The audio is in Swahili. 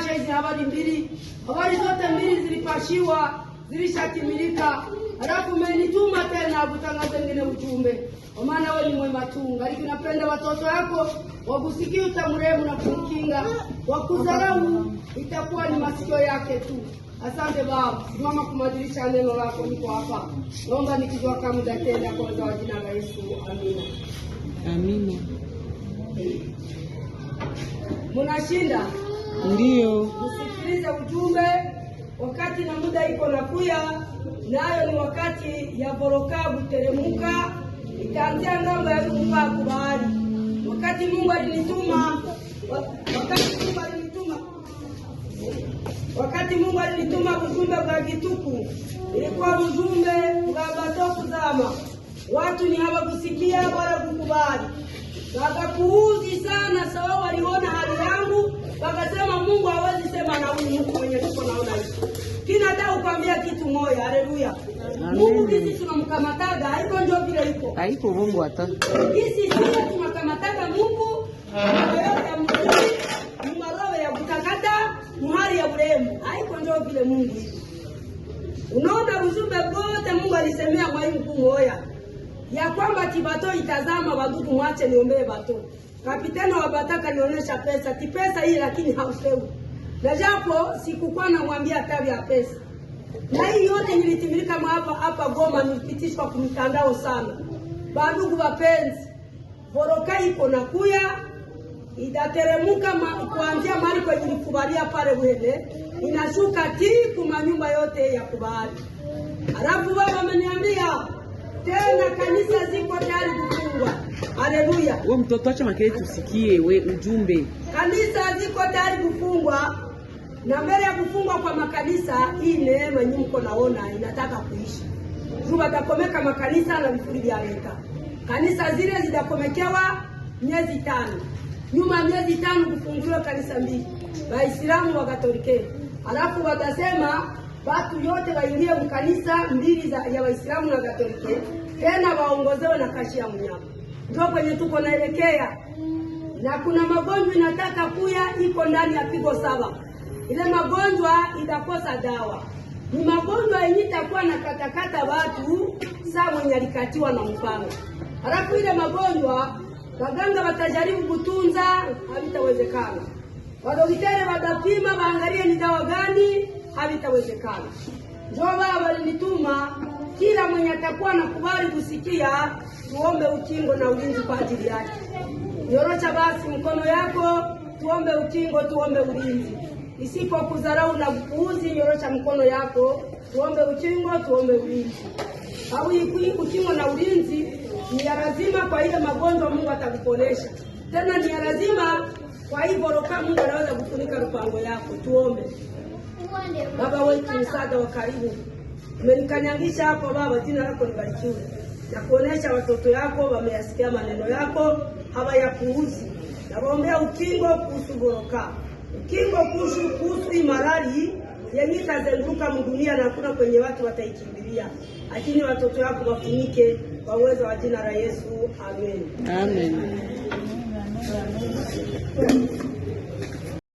zilipasha hizi habari mbili, habari zote mbili zilipashiwa, zilishatimilika. Halafu umenituma tena kutangaza ngine ujumbe, kwa maana wewe ni mwema tu, lakini napenda watoto wako wakusikia, utamrehemu na kumkinga, wakudharau itakuwa ni masikio yake tu. Asante Baba, simama kumadilisha neno lako, niko hapa, naomba kama muda tena kwanza, wa jina la Yesu, amina. Amina. Munashinda. Ndio usikilize ujumbe wakati na muda iko nakuya, nayo ni wakati ya voroka teremuka ikaanzia ngambo ya kupa kubali. Wakati Mungu alinituma wakati Mungu alinituma wakati Mungu alinituma ujumbe kwa kituku, ilikuwa ujumbe ukabato kuzama watu ni hawakusikia wala kukubali, wakakuuzi sana sawa Wakasema Mungu hawezi sema na huyu Mungu mwenye tuko naona hivi. Kina dau kwambia kitu moyo, haleluya. Mungu sisi tunamkamataga, haiko ndio vile iko. Haiko Mungu hata. Sisi sisi tunakamataga Mungu Mungu ya kutakata muhari ya uremu. Haiko ndio vile Mungu Unaona ujumbe wote Mungu alisemea kwa mwaimu kumoya ya kwamba kibato itazama, wadudu mwache niombee bato. Kapitani wa Bataka nionyesha pesa, kipesa hii lakini hausewi. Na japo sikukuwa namwambia tabu ya pesa. Na hii yote nilitimilika hapa hapa Goma nilipitishwa kumitandao sana. Bandugu wapenzi, Boroka iko na kuya itateremuka ma, kuanzia mahali kwenye nilikubalia pale Bwele inashuka ti kuma nyumba yote ya kubali. Alafu baba ameniambia tena kanisa ziko tayari kubwa. Haleluya. We mtoto, acha makelele tusikie we ujumbe. Kanisa ziko tayari kufungwa na mbele ya kufungwa kwa makanisa, hii neema nyinyi mko naona inataka kuishi juu, watakomeka makanisa na vifuri vya weka kanisa zile zitakomekewa miezi tano, nyuma miezi tano kufungiwa kanisa mbili, Waislamu wakatolike, alafu watasema watu yote waingie mkanisa mbili za ya Waislamu na Katoliki, tena waongozewe na kashi ya mnyama ndio kwenye tuko naelekea, na kuna magonjwa inataka kuya iko ndani ya pigo saba. Ile magonjwa itakosa dawa, ni magonjwa yenye itakuwa na katakata watu saa mwenye alikatiwa na mpango. Halafu ile magonjwa waganga watajaribu kutunza, havitawezekana. Wadoktari watapima waangalie ni dawa gani, havitawezekana. Ndio Baba walinituma kila mwenye atakuwa nakubali kusikia tuombe ukingo na ulinzi kwa ajili yake. Nyorosha basi mkono yako, tuombe ukingo, tuombe ulinzi. Isipokudharau na kuuzi nyorosha mkono yako, tuombe ukingo, tuombe ulinzi. Au ukingo na ulinzi ni ya lazima, kwa ile magonjwa Mungu atakuponesha, tena ni ya lazima. Kwa hivyo roka Mungu anaweza kufunika lupango yako, tuombe. Baba wetu, msaada wa karibu. Umenikanyangisha hapo Baba, jina lako libarikiwe na kuonesha watoto yako wameyasikia maneno yako, hawayapuuzi. Nawaombea ukingo kuhusu goroka, ukingo kuhusu hii marari yenye itazunguka mdunia na hakuna kwenye watu wataikimbilia, lakini watoto yako wafunike kwa uwezo wa jina la Yesu. Amen, amen.